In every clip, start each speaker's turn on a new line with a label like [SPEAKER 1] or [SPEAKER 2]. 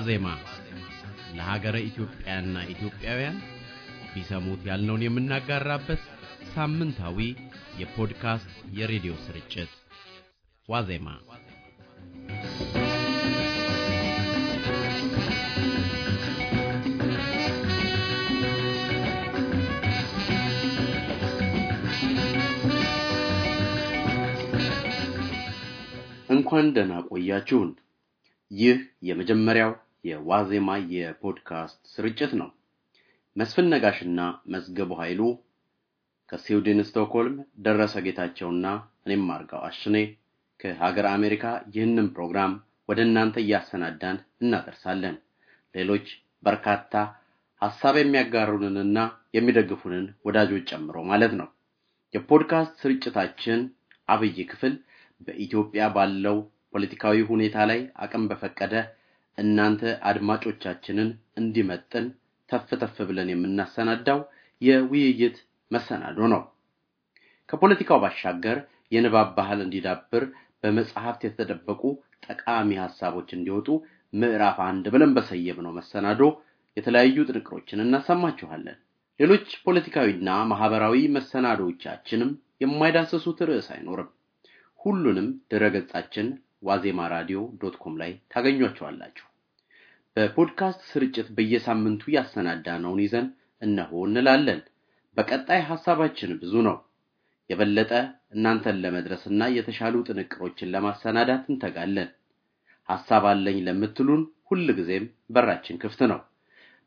[SPEAKER 1] ዋዜማ ለሀገረ ኢትዮጵያና ኢትዮጵያውያን ቢሰሙት ያልነውን የምናጋራበት ሳምንታዊ የፖድካስት የሬዲዮ ስርጭት ዋዜማ እንኳን ደህና ቆያችሁን። ይህ የመጀመሪያው የዋዜማ የፖድካስት ስርጭት ነው። መስፍን ነጋሽና መዝገቡ ኃይሉ ከስዊድን ስቶክሆልም፣ ደረሰ ጌታቸውና እኔም አርጋው አሽኔ ከሀገር አሜሪካ ይህንን ፕሮግራም ወደ እናንተ እያሰናዳን እናደርሳለን። ሌሎች በርካታ ሀሳብ የሚያጋሩንንና የሚደግፉንን ወዳጆች ጨምሮ ማለት ነው። የፖድካስት ስርጭታችን አብይ ክፍል በኢትዮጵያ ባለው ፖለቲካዊ ሁኔታ ላይ አቅም በፈቀደ እናንተ አድማጮቻችንን እንዲመጥን ተፍ ተፍ ብለን የምናሰናዳው የውይይት መሰናዶ ነው። ከፖለቲካው ባሻገር የንባብ ባህል እንዲዳብር በመጽሐፍት የተደበቁ ጠቃሚ ሀሳቦች እንዲወጡ ምዕራፍ አንድ ብለን በሰየምነው መሰናዶ የተለያዩ ጥንቅሮችን እናሰማችኋለን። ሌሎች ፖለቲካዊና ማህበራዊ መሰናዶዎቻችንም የማይዳሰሱት ርዕስ አይኖርም። ሁሉንም ድረገጻችን ዋዜማ ራዲዮ ዶት ኮም ላይ ታገኟቸዋላችሁ። በፖድካስት ስርጭት በየሳምንቱ ያሰናዳነውን ይዘን እነሆ እንላለን። በቀጣይ ሐሳባችን ብዙ ነው። የበለጠ እናንተን ለመድረስና የተሻሉ ጥንቅሮችን ለማሰናዳት እንተጋለን። ሐሳብ አለኝ ለምትሉን ሁል ጊዜም በራችን ክፍት ነው።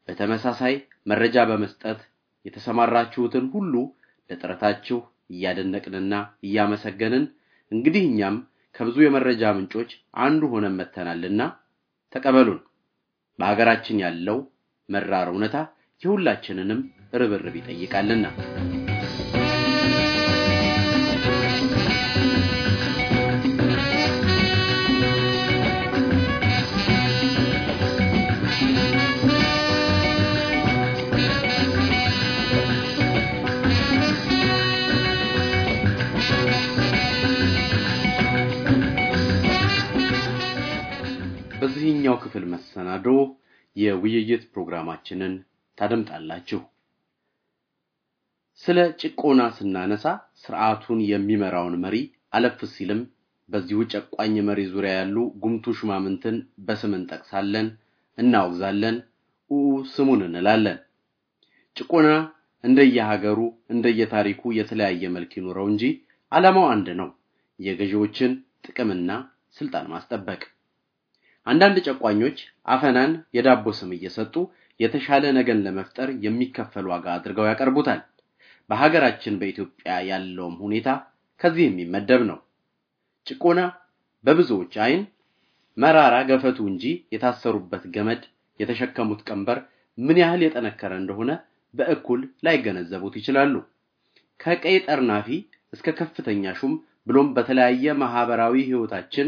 [SPEAKER 1] በተመሳሳይ መረጃ በመስጠት የተሰማራችሁትን ሁሉ ለጥረታችሁ እያደነቅንና እያመሰገንን እንግዲህ እኛም ከብዙ የመረጃ ምንጮች አንዱ ሆነን መተናልና ተቀበሉን። በሀገራችን ያለው መራር እውነታ የሁላችንንም ርብርብ ይጠይቃልና ማዶ የውይይት ፕሮግራማችንን ታደምጣላችሁ። ስለ ጭቆና ስናነሳ ስርዓቱን የሚመራውን መሪ አለፍ ሲልም በዚሁ ጨቋኝ መሪ ዙሪያ ያሉ ጉምቱ ሹማምንትን በስም እንጠቅሳለን፣ እናወግዛለን፣ ኡ ስሙን እንላለን። ጭቆና እንደየሀገሩ እንደየታሪኩ የተለያየ መልክ ይኖረው እንጂ ዓላማው አንድ ነው፤ የገዢዎችን ጥቅምና ስልጣን ማስጠበቅ። አንዳንድ ጨቋኞች አፈናን የዳቦ ስም እየሰጡ የተሻለ ነገን ለመፍጠር የሚከፈል ዋጋ አድርገው ያቀርቡታል። በሀገራችን በኢትዮጵያ ያለውም ሁኔታ ከዚህ የሚመደብ ነው። ጭቆና በብዙዎች አይን መራራ ገፈቱ እንጂ የታሰሩበት ገመድ፣ የተሸከሙት ቀንበር ምን ያህል የጠነከረ እንደሆነ በእኩል ላይገነዘቡት ይችላሉ። ከቀይ ጠርናፊ እስከ ከፍተኛ ሹም ብሎም በተለያየ ማህበራዊ ህይወታችን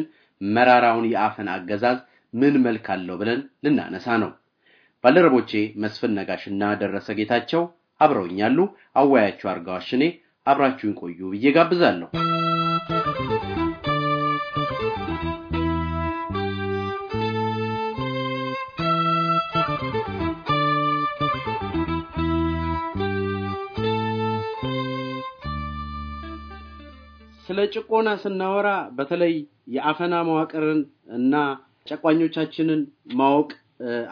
[SPEAKER 1] መራራውን የአፈን አገዛዝ ምን መልክ አለው ብለን ልናነሳ ነው። ባልደረቦቼ መስፍን ነጋሽና ደረሰ ጌታቸው አብረውኛሉ። አዋያቸው አርጋዋሽኔ አብራችሁን ቆዩ ብዬ ጋብዛለሁ። ስለ ጭቆና ስናወራ በተለይ የአፈና መዋቅርን እና ጨቋኞቻችንን ማወቅ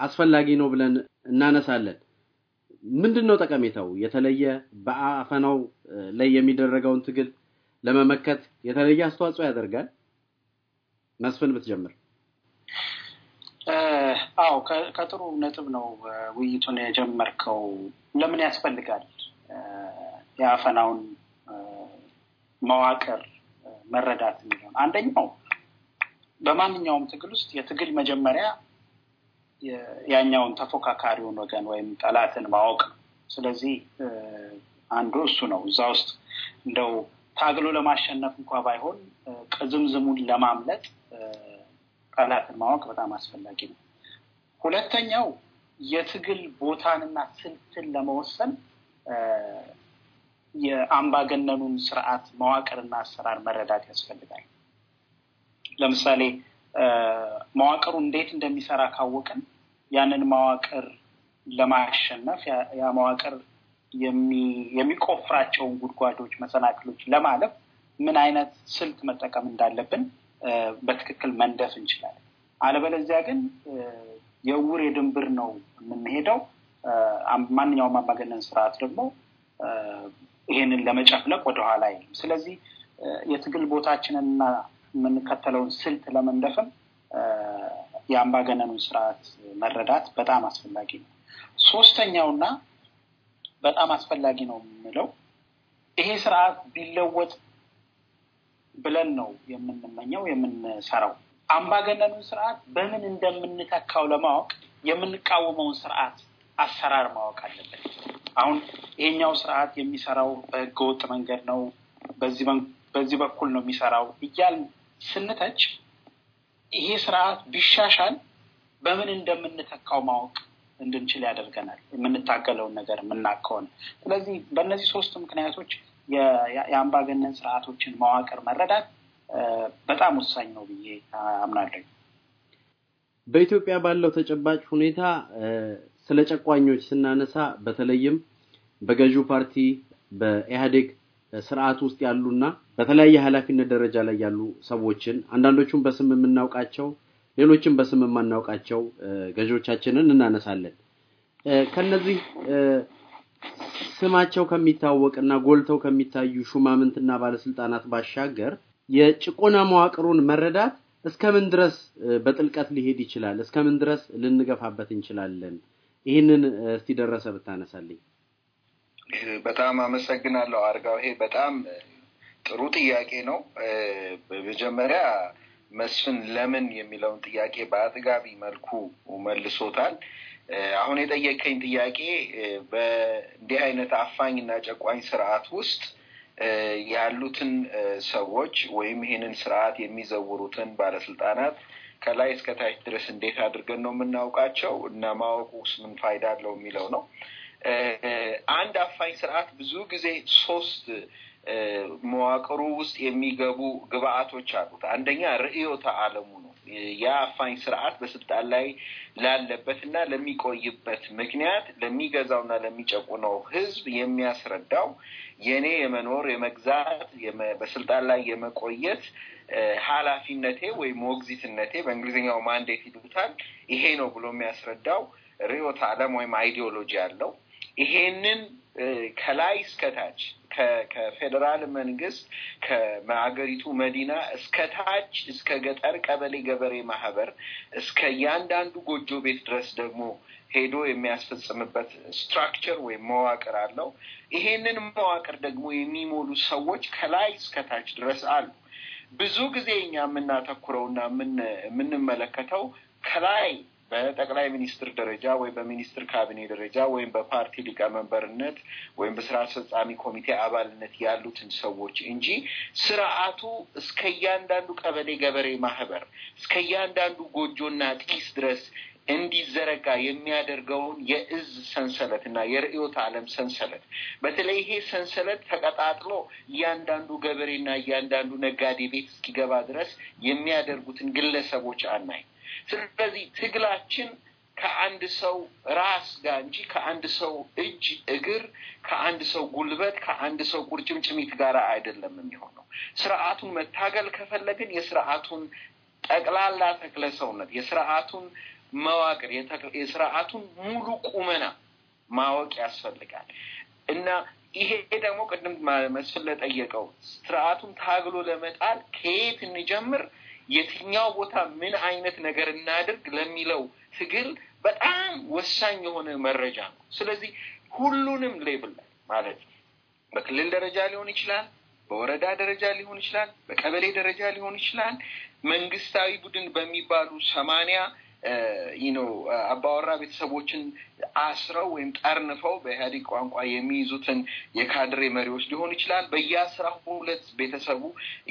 [SPEAKER 1] አስፈላጊ ነው ብለን እናነሳለን። ምንድን ነው ጠቀሜታው? የተለየ በአፈናው ላይ የሚደረገውን ትግል ለመመከት የተለየ አስተዋጽኦ ያደርጋል። መስፍን ብትጀምር።
[SPEAKER 2] አዎ ከጥሩ ነጥብ ነው ውይይቱን የጀመርከው። ለምን ያስፈልጋል የአፈናውን መዋቅር መረዳት የሚሆን አንደኛው በማንኛውም ትግል ውስጥ የትግል መጀመሪያ ያኛውን ተፎካካሪውን ወገን ወይም ጠላትን ማወቅ። ስለዚህ አንዱ እሱ ነው። እዛ ውስጥ እንደው ታግሎ ለማሸነፍ እንኳ ባይሆን ቅዝምዝሙን ለማምለጥ ጠላትን ማወቅ በጣም አስፈላጊ ነው። ሁለተኛው የትግል ቦታንና ስልትን ለመወሰን የአምባገነኑን ስርዓት መዋቅርና አሰራር መረዳት ያስፈልጋል። ለምሳሌ መዋቅሩ እንዴት እንደሚሰራ ካወቅን ያንን መዋቅር ለማሸነፍ ያ መዋቅር የሚቆፍራቸውን ጉድጓዶች፣ መሰናክሎች ለማለፍ ምን አይነት ስልት መጠቀም እንዳለብን በትክክል መንደፍ እንችላለን። አለበለዚያ ግን የውር የድንብር ነው የምንሄደው። ማንኛውም አምባገነን ስርዓት ደግሞ ይሄንን ለመጨፍለቅ ወደኋላ አይልም። ስለዚህ የትግል ቦታችንንና የምንከተለውን ስልት ለመንደፍም የአምባገነኑን ስርዓት መረዳት በጣም አስፈላጊ ነው። ሶስተኛውና በጣም አስፈላጊ ነው የምንለው ይሄ ስርዓት ቢለወጥ ብለን ነው የምንመኘው የምንሰራው። አምባገነኑን ስርዓት በምን እንደምንተካው ለማወቅ የምንቃወመውን ስርዓት አሰራር ማወቅ አለበት። አሁን ይሄኛው ስርዓት የሚሰራው በህገወጥ መንገድ ነው፣ በዚህ በኩል ነው የሚሰራው እያል ስንተች ይሄ ስርዓት ቢሻሻል በምን እንደምንተካው ማወቅ እንድንችል ያደርገናል። የምንታገለውን ነገር የምናከውን። ስለዚህ በእነዚህ ሶስት ምክንያቶች የአምባገነን ስርዓቶችን መዋቅር መረዳት በጣም ወሳኝ ነው ብዬ
[SPEAKER 1] አምናለኝ። በኢትዮጵያ ባለው ተጨባጭ ሁኔታ ስለ ጨቋኞች ስናነሳ በተለይም በገዢው ፓርቲ በኢህአዴግ ስርዓት ውስጥ ያሉና በተለያየ ኃላፊነት ደረጃ ላይ ያሉ ሰዎችን አንዳንዶቹም በስም የምናውቃቸው ሌሎችም በስም የማናውቃቸው ገዢዎቻችንን እናነሳለን። ከነዚህ ስማቸው ከሚታወቅና ጎልተው ከሚታዩ ሹማምንትና ባለስልጣናት ባሻገር የጭቆና መዋቅሩን መረዳት እስከምን ድረስ በጥልቀት ሊሄድ ይችላል? እስከምን ድረስ ልንገፋበት እንችላለን? ይህንን እስቲ ደረሰ ብታነሳልኝ።
[SPEAKER 3] በጣም አመሰግናለሁ አርጋው። ይሄ በጣም ጥሩ ጥያቄ ነው። በመጀመሪያ መስፍን ለምን የሚለውን ጥያቄ በአጥጋቢ መልኩ መልሶታል። አሁን የጠየቀኝ ጥያቄ በእንዲህ አይነት አፋኝ እና ጨቋኝ ስርዓት ውስጥ ያሉትን ሰዎች ወይም ይህንን ስርዓት የሚዘውሩትን ባለስልጣናት ከላይ እስከ ታች ድረስ እንዴት አድርገን ነው የምናውቃቸው እና ማወቁስ ምን ፋይዳ አለው የሚለው ነው። አንድ አፋኝ ስርዓት ብዙ ጊዜ ሶስት መዋቅሩ ውስጥ የሚገቡ ግብአቶች አሉት። አንደኛ ርዕዮተ ዓለሙ ነው። ያ አፋኝ ስርዓት በስልጣን ላይ ላለበት እና ለሚቆይበት ምክንያት ለሚገዛውና ለሚጨቁነው ሕዝብ የሚያስረዳው የኔ የመኖር የመግዛት፣ በስልጣን ላይ የመቆየት ኃላፊነቴ ወይም ሞግዚትነቴ በእንግሊዝኛው ማንዴት ይሉታል ይሄ ነው ብሎ የሚያስረዳው ርዮት አለም ወይም አይዲዮሎጂ አለው። ይሄንን ከላይ እስከታች ከፌዴራል መንግስት ከሀገሪቱ መዲና እስከ ታች እስከ ገጠር ቀበሌ ገበሬ ማህበር እስከ እያንዳንዱ ጎጆ ቤት ድረስ ደግሞ ሄዶ የሚያስፈጽምበት ስትራክቸር ወይም መዋቅር አለው። ይሄንን መዋቅር ደግሞ የሚሞሉ ሰዎች ከላይ እስከታች ድረስ አሉ። ብዙ ጊዜ እኛ እና የምንመለከተው ከላይ በጠቅላይ ሚኒስትር ደረጃ ወይም በሚኒስትር ካቢኔ ደረጃ ወይም በፓርቲ ሊቀመንበርነት ወይም በስራ አስፈጻሚ ኮሚቴ አባልነት ያሉትን ሰዎች እንጂ ስርዓቱ እስከ እያንዳንዱ ቀበሌ ገበሬ ማህበር እስከ እያንዳንዱ ጎጆና ጢስ ድረስ እንዲዘረጋ የሚያደርገውን የእዝ ሰንሰለት እና የርዕዮተ ዓለም ሰንሰለት በተለይ ይሄ ሰንሰለት ተቀጣጥሎ እያንዳንዱ ገበሬና እያንዳንዱ ነጋዴ ቤት እስኪገባ ድረስ የሚያደርጉትን ግለሰቦች አናይ። ስለዚህ ትግላችን ከአንድ ሰው ራስ ጋር እንጂ ከአንድ ሰው እጅ፣ እግር፣ ከአንድ ሰው ጉልበት፣ ከአንድ ሰው ቁርጭምጭሚት ጋር አይደለም የሚሆነው። ስርዓቱን መታገል ከፈለግን የስርዓቱን ጠቅላላ ተክለ ሰውነት የስርዓቱን መዋቅር የስርዓቱን ሙሉ ቁመና ማወቅ ያስፈልጋል እና ይሄ ደግሞ ቅድም መስፍን ለጠየቀው ስርዓቱን ታግሎ ለመጣል ከየት እንጀምር፣ የትኛው ቦታ ምን አይነት ነገር እናድርግ ለሚለው ትግል በጣም ወሳኝ የሆነ መረጃ ነው። ስለዚህ ሁሉንም ሌብል ላይ ማለት በክልል ደረጃ ሊሆን ይችላል፣ በወረዳ ደረጃ ሊሆን ይችላል፣ በቀበሌ ደረጃ ሊሆን ይችላል። መንግስታዊ ቡድን በሚባሉ ሰማኒያ ነው አባወራ ቤተሰቦችን አስረው ወይም ጠርንፈው በኢህአዴግ ቋንቋ የሚይዙትን የካድሬ መሪዎች ሊሆን ይችላል። በየአስራ ሁለት ቤተሰቡ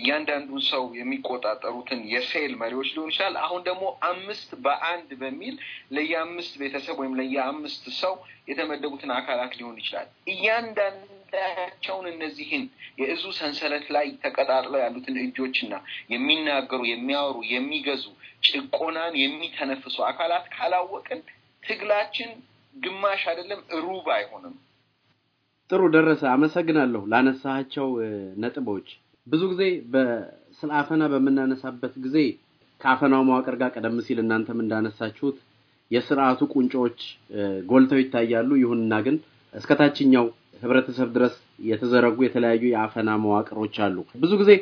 [SPEAKER 3] እያንዳንዱን ሰው የሚቆጣጠሩትን የሴል መሪዎች ሊሆን ይችላል። አሁን ደግሞ አምስት በአንድ በሚል ለየአምስት ቤተሰብ ወይም ለየአምስት ሰው የተመደቡትን አካላት ሊሆን ይችላል። እያንዳንዱ እነዚህን የእዙ ሰንሰለት ላይ ተቀጣጥለው ያሉትን እጆችና የሚናገሩ፣ የሚያወሩ፣ የሚገዙ ጭቆናን የሚተነፍሱ አካላት ካላወቅን ትግላችን ግማሽ አይደለም ሩብ አይሆንም።
[SPEAKER 1] ጥሩ ደረሰ፣ አመሰግናለሁ ላነሳቸው ነጥቦች። ብዙ ጊዜ ስለ አፈና በምናነሳበት ጊዜ ከአፈናው መዋቅር ጋር ቀደም ሲል እናንተም እንዳነሳችሁት የስርዓቱ ቁንጮዎች ጎልተው ይታያሉ። ይሁንና ግን እስከ ታችኛው ህብረተሰብ ድረስ የተዘረጉ የተለያዩ የአፈና መዋቅሮች አሉ። ብዙ ጊዜ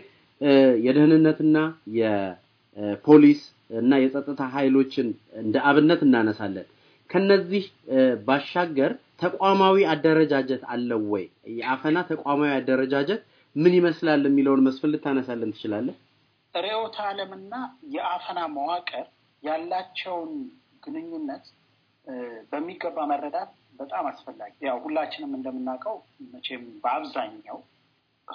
[SPEAKER 1] የደህንነትና የፖሊስ እና የጸጥታ ኃይሎችን እንደ አብነት እናነሳለን። ከነዚህ ባሻገር ተቋማዊ አደረጃጀት አለው ወይ? የአፈና ተቋማዊ አደረጃጀት ምን ይመስላል የሚለውን መስፍን ልታነሳለን ትችላለህ?
[SPEAKER 2] ርዕዮተ ዓለምና የአፈና መዋቅር ያላቸውን ግንኙነት በሚገባ መረዳት በጣም አስፈላጊ። ያው ሁላችንም እንደምናውቀው መቼም በአብዛኛው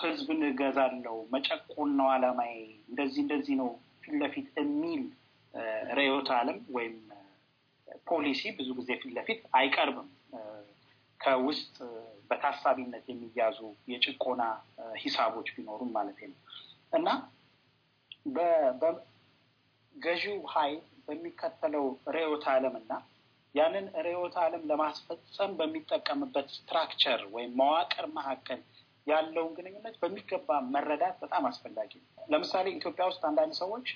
[SPEAKER 2] ህዝብን እገዛለው፣ መጨቆን ነው አላማዬ፣ እንደዚህ እንደዚህ ነው ፊት ለፊት የሚል ርዕዮተ ዓለም ወይም ፖሊሲ ብዙ ጊዜ ፊት ለፊት አይቀርብም። ከውስጥ በታሳቢነት የሚያዙ የጭቆና ሂሳቦች ቢኖሩም ማለት ነው እና በገዢው ኃይል በሚከተለው ርዕዮተ ዓለም እና ያንን ርዕዮተ ዓለም ለማስፈጸም በሚጠቀምበት ስትራክቸር ወይም መዋቅር መካከል ያለውን ግንኙነት በሚገባ መረዳት በጣም አስፈላጊ ነው። ለምሳሌ ኢትዮጵያ ውስጥ አንዳንድ ሰዎች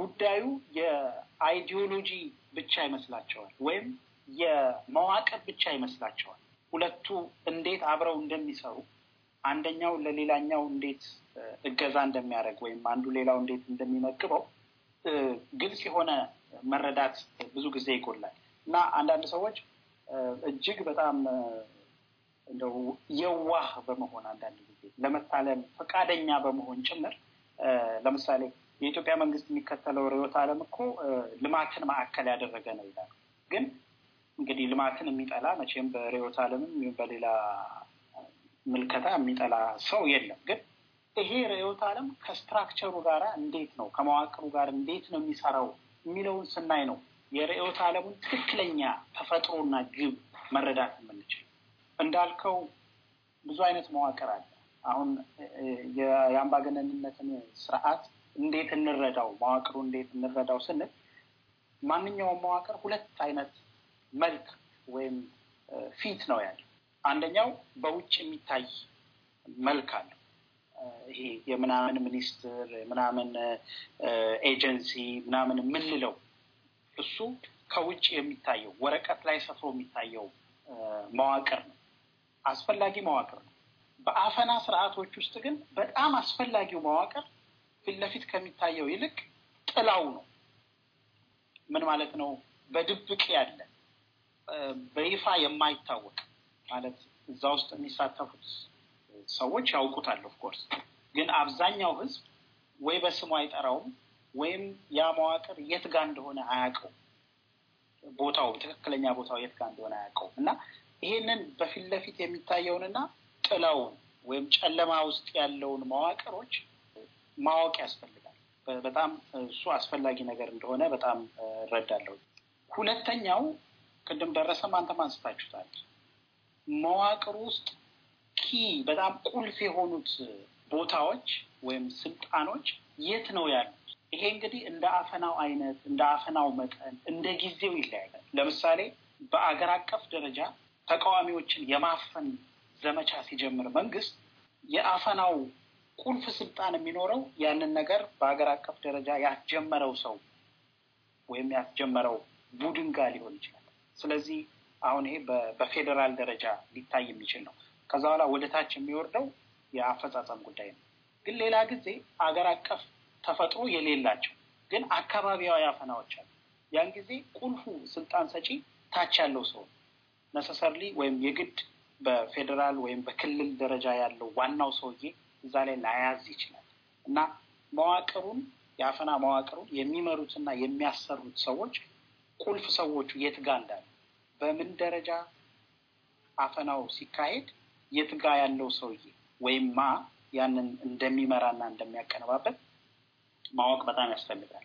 [SPEAKER 2] ጉዳዩ የአይዲዮሎጂ ብቻ ይመስላቸዋል ወይም የመዋቅር ብቻ ይመስላቸዋል። ሁለቱ እንዴት አብረው እንደሚሰሩ አንደኛው ለሌላኛው እንዴት እገዛ እንደሚያደርግ ወይም አንዱ ሌላው እንዴት እንደሚመግበው ግልጽ የሆነ መረዳት ብዙ ጊዜ ይጎላል እና አንዳንድ ሰዎች እጅግ በጣም እንደው የዋህ በመሆን አንዳንድ ጊዜ ለመታለም ፈቃደኛ በመሆን ጭምር ለምሳሌ የኢትዮጵያ መንግስት የሚከተለው ርዕዮተ ዓለም እኮ ልማትን ማዕከል ያደረገ ነው ይላል። ግን እንግዲህ ልማትን የሚጠላ መቼም በርዕዮተ ዓለምም በሌላ ምልከታ የሚጠላ ሰው የለም። ግን ይሄ ርዕዮተ ዓለም ከስትራክቸሩ ጋር እንዴት ነው ከመዋቅሩ ጋር እንዴት ነው የሚሰራው የሚለውን ስናይ ነው የርዕዮተ ዓለሙን ትክክለኛ ተፈጥሮና ግብ መረዳት የምንችል። እንዳልከው ብዙ አይነት መዋቅር አለ። አሁን የአምባገነንነትን ስርዓት እንዴት እንረዳው፣ መዋቅሩ እንዴት እንረዳው ስንል ማንኛውም መዋቅር ሁለት አይነት መልክ ወይም ፊት ነው ያለ አንደኛው በውጭ የሚታይ መልክ አለው። ይሄ የምናምን ሚኒስትር የምናምን ኤጀንሲ ምናምን የምንለው እሱ ከውጭ የሚታየው ወረቀት ላይ ሰፍሮ የሚታየው መዋቅር ነው። አስፈላጊ መዋቅር ነው። በአፈና ስርዓቶች ውስጥ ግን በጣም አስፈላጊው መዋቅር ፊት ለፊት ከሚታየው ይልቅ ጥላው ነው። ምን ማለት ነው? በድብቅ ያለ በይፋ የማይታወቅ ማለት እዛ ውስጥ የሚሳተፉት ሰዎች ያውቁታል። ኦፍኮርስ ግን አብዛኛው ህዝብ ወይ በስሙ አይጠራውም ወይም ያ መዋቅር የት ጋር እንደሆነ አያውቀው፣ ቦታው ትክክለኛ ቦታው የት ጋር እንደሆነ አያውቀው እና ይሄንን በፊት ለፊት የሚታየውንና ጥላውን ወይም ጨለማ ውስጥ ያለውን መዋቅሮች ማወቅ ያስፈልጋል። በጣም እሱ አስፈላጊ ነገር እንደሆነ በጣም እረዳለሁ። ሁለተኛው ቅድም ደረሰም አንተም አንስታችሁታል። መዋቅር ውስጥ ኪ በጣም ቁልፍ የሆኑት ቦታዎች ወይም ስልጣኖች የት ነው ያሉት? ይሄ እንግዲህ እንደ አፈናው አይነት እንደ አፈናው መጠን እንደ ጊዜው ይለያያል። ለምሳሌ በአገር አቀፍ ደረጃ ተቃዋሚዎችን የማፈን ዘመቻ ሲጀምር መንግስት የአፈናው ቁልፍ ስልጣን የሚኖረው ያንን ነገር በሀገር አቀፍ ደረጃ ያስጀመረው ሰው ወይም ያስጀመረው ቡድን ጋር ሊሆን ይችላል። ስለዚህ አሁን ይሄ በፌዴራል ደረጃ ሊታይ የሚችል ነው። ከዛ በኋላ ወደ ታች የሚወርደው የአፈጻጸም ጉዳይ ነው። ግን ሌላ ጊዜ አገር አቀፍ ተፈጥሮ የሌላቸው ግን አካባቢያዊ አፈናዎች አሉ። ያን ጊዜ ቁልፉ ስልጣን ሰጪ ታች ያለው ሰው ነሰሰርሊ ወይም የግድ በፌዴራል ወይም በክልል ደረጃ ያለው ዋናው ሰውዬ እዛ ላይ ላያዝ ይችላል እና መዋቅሩን የአፈና መዋቅሩን የሚመሩትና የሚያሰሩት ሰዎች ቁልፍ ሰዎቹ የት ጋ እንዳሉ በምን ደረጃ አፈናው ሲካሄድ የት ጋ ያለው ሰውዬ ወይም ማ ያንን እንደሚመራና እንደሚያቀነባበት ማወቅ በጣም ያስፈልጋል።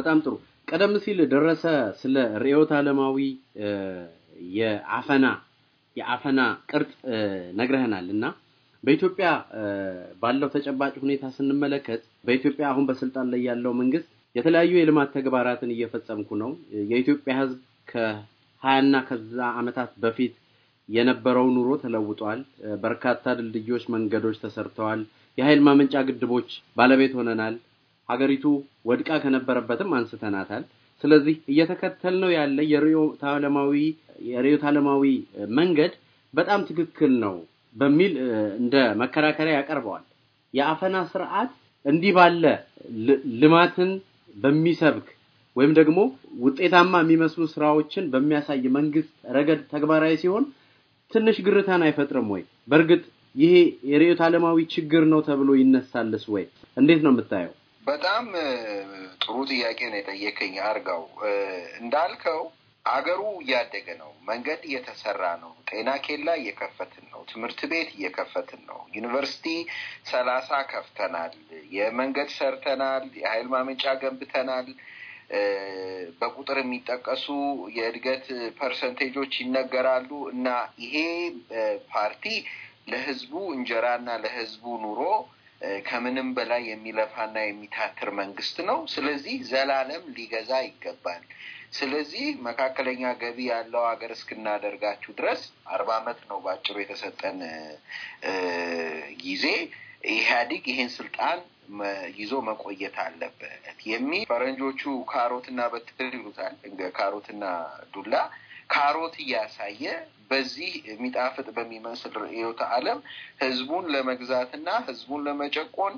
[SPEAKER 1] በጣም ጥሩ። ቀደም ሲል ደረሰ ስለ ርዕዮተ ዓለማዊ የአፈና የአፈና ቅርጽ ነግረህናል እና በኢትዮጵያ ባለው ተጨባጭ ሁኔታ ስንመለከት በኢትዮጵያ አሁን በስልጣን ላይ ያለው መንግስት የተለያዩ የልማት ተግባራትን እየፈጸምኩ ነው። የኢትዮጵያ ሕዝብ ከሀያና ከዛ ዓመታት በፊት የነበረው ኑሮ ተለውጧል። በርካታ ድልድዮች፣ መንገዶች ተሰርተዋል። የኃይል ማመንጫ ግድቦች ባለቤት ሆነናል። ሀገሪቱ ወድቃ ከነበረበትም አንስተናታል። ስለዚህ እየተከተልነው ያለ የርዕዮተ ዓለማዊ የርዕዮተ ዓለማዊ መንገድ በጣም ትክክል ነው በሚል እንደ መከራከሪያ ያቀርበዋል። የአፈና ስርዓት እንዲህ ባለ ልማትን በሚሰብክ ወይም ደግሞ ውጤታማ የሚመስሉ ስራዎችን በሚያሳይ መንግስት ረገድ ተግባራዊ ሲሆን ትንሽ ግርታን አይፈጥርም ወይ? በእርግጥ ይሄ የርዕዮተ ዓለማዊ ችግር ነው ተብሎ ይነሳልስ ወይ? እንዴት ነው የምታየው?
[SPEAKER 3] በጣም ጥሩ ጥያቄ ነው የጠየከኝ አርጋው። እንዳልከው አገሩ እያደገ ነው፣ መንገድ እየተሰራ ነው፣ ጤና ኬላ እየከፈትን ነው፣ ትምህርት ቤት እየከፈትን ነው፣ ዩኒቨርሲቲ ሰላሳ ከፍተናል፣ የመንገድ ሰርተናል፣ የኃይል ማመንጫ ገንብተናል። በቁጥር የሚጠቀሱ የእድገት ፐርሰንቴጆች ይነገራሉ እና ይሄ ፓርቲ ለህዝቡ እንጀራና ለህዝቡ ኑሮ ከምንም በላይ የሚለፋና የሚታትር መንግስት ነው። ስለዚህ ዘላለም ሊገዛ ይገባል። ስለዚህ መካከለኛ ገቢ ያለው ሀገር እስክናደርጋችሁ ድረስ አርባ አመት ነው በአጭሩ የተሰጠን ጊዜ። ኢህአዲግ ይህን ስልጣን ይዞ መቆየት አለበት የሚል ፈረንጆቹ ካሮትና በትር ይሉታል፣ ካሮትና ዱላ ካሮት እያሳየ በዚህ የሚጣፍጥ በሚመስል ርዕዮተ ዓለም ህዝቡን ለመግዛትና ህዝቡን ለመጨቆን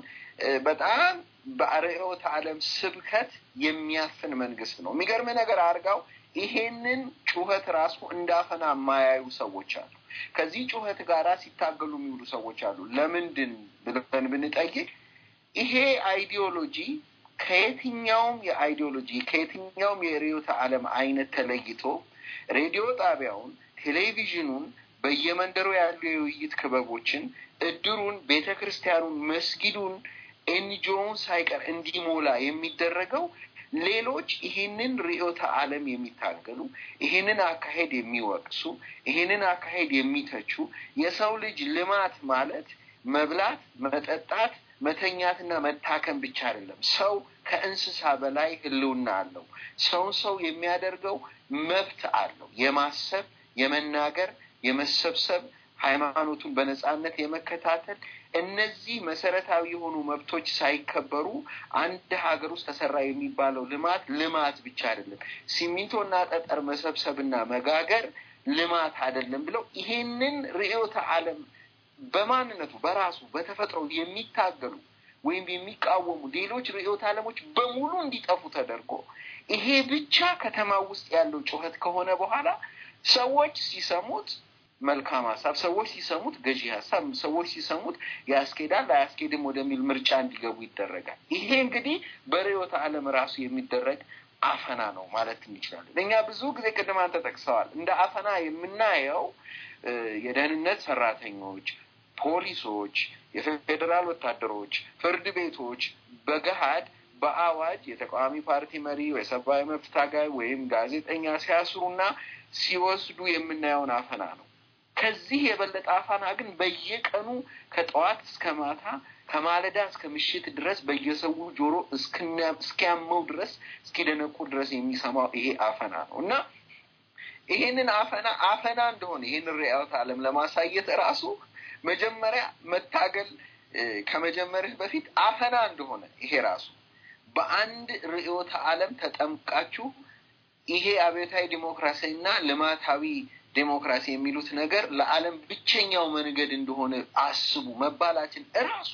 [SPEAKER 3] በጣም በርዕዮተ ዓለም ስብከት የሚያፍን መንግስት ነው። የሚገርም ነገር አድርጋው ይሄንን ጩኸት ራሱ እንዳፈና የማያዩ ሰዎች አሉ። ከዚህ ጩኸት ጋር ሲታገሉ የሚውሉ ሰዎች አሉ። ለምንድን ብለን ብንጠይቅ ይሄ አይዲዮሎጂ ከየትኛውም የአይዲዮሎጂ ከየትኛውም የርዕዮተ ዓለም አይነት ተለይቶ ሬዲዮ ጣቢያውን፣ ቴሌቪዥኑን፣ በየመንደሩ ያሉ የውይይት ክበቦችን፣ እድሩን፣ ቤተ ክርስቲያኑን፣ መስጊዱን፣ ኤንጂኦውን ሳይቀር እንዲሞላ የሚደረገው ሌሎች ይህንን ርዕዮተ ዓለም የሚታገሉ ይህንን አካሄድ የሚወቅሱ ይህንን አካሄድ የሚተቹ የሰው ልጅ ልማት ማለት መብላት፣ መጠጣት መተኛትና መታከም ብቻ አይደለም። ሰው ከእንስሳ በላይ ህልውና አለው። ሰውን ሰው የሚያደርገው መብት አለው። የማሰብ፣ የመናገር፣ የመሰብሰብ፣ ሃይማኖቱን በነጻነት የመከታተል እነዚህ መሰረታዊ የሆኑ መብቶች ሳይከበሩ አንድ ሀገር ውስጥ ተሰራ የሚባለው ልማት ልማት ብቻ አይደለም። ሲሚንቶና ጠጠር መሰብሰብና መጋገር ልማት አይደለም ብለው ይሄንን ርዕዮተ ዓለም በማንነቱ በራሱ በተፈጥሮ የሚታገሉ ወይም የሚቃወሙ ሌሎች ርዕዮተ ዓለሞች በሙሉ እንዲጠፉ ተደርጎ ይሄ ብቻ ከተማ ውስጥ ያለው ጩኸት ከሆነ በኋላ ሰዎች ሲሰሙት መልካም ሀሳብ፣ ሰዎች ሲሰሙት ገዢ ሀሳብ፣ ሰዎች ሲሰሙት ያስኬዳል አያስኬድም ወደሚል ምርጫ እንዲገቡ ይደረጋል። ይሄ እንግዲህ በርዕዮተ ዓለም ራሱ የሚደረግ አፈና ነው ማለት እንችላለን። እኛ ብዙ ጊዜ ቅድም አንተ ጠቅሰዋል እንደ አፈና የምናየው የደህንነት ሰራተኞች ፖሊሶች፣ የፌዴራል ወታደሮች፣ ፍርድ ቤቶች በገሀድ በአዋጅ የተቃዋሚ ፓርቲ መሪ ወይ ሰብአዊ መብት ታጋይ ወይም ጋዜጠኛ ሲያስሩና ሲወስዱ የምናየውን አፈና ነው። ከዚህ የበለጠ አፈና ግን በየቀኑ ከጠዋት እስከ ማታ ከማለዳ እስከ ምሽት ድረስ በየሰው ጆሮ እስኪያመው ድረስ እስኪደነቁር ድረስ የሚሰማው ይሄ አፈና ነው እና ይሄንን አፈና አፈና እንደሆነ ይሄንን ሪያት ዓለም ለማሳየት ራሱ መጀመሪያ መታገል ከመጀመርህ በፊት አፈና እንደሆነ ይሄ ራሱ በአንድ ርዕዮተ ዓለም ተጠምቃችሁ ይሄ አብዮታዊ ዲሞክራሲና ልማታዊ ዴሞክራሲ የሚሉት ነገር ለዓለም ብቸኛው መንገድ እንደሆነ አስቡ መባላችን እራሱ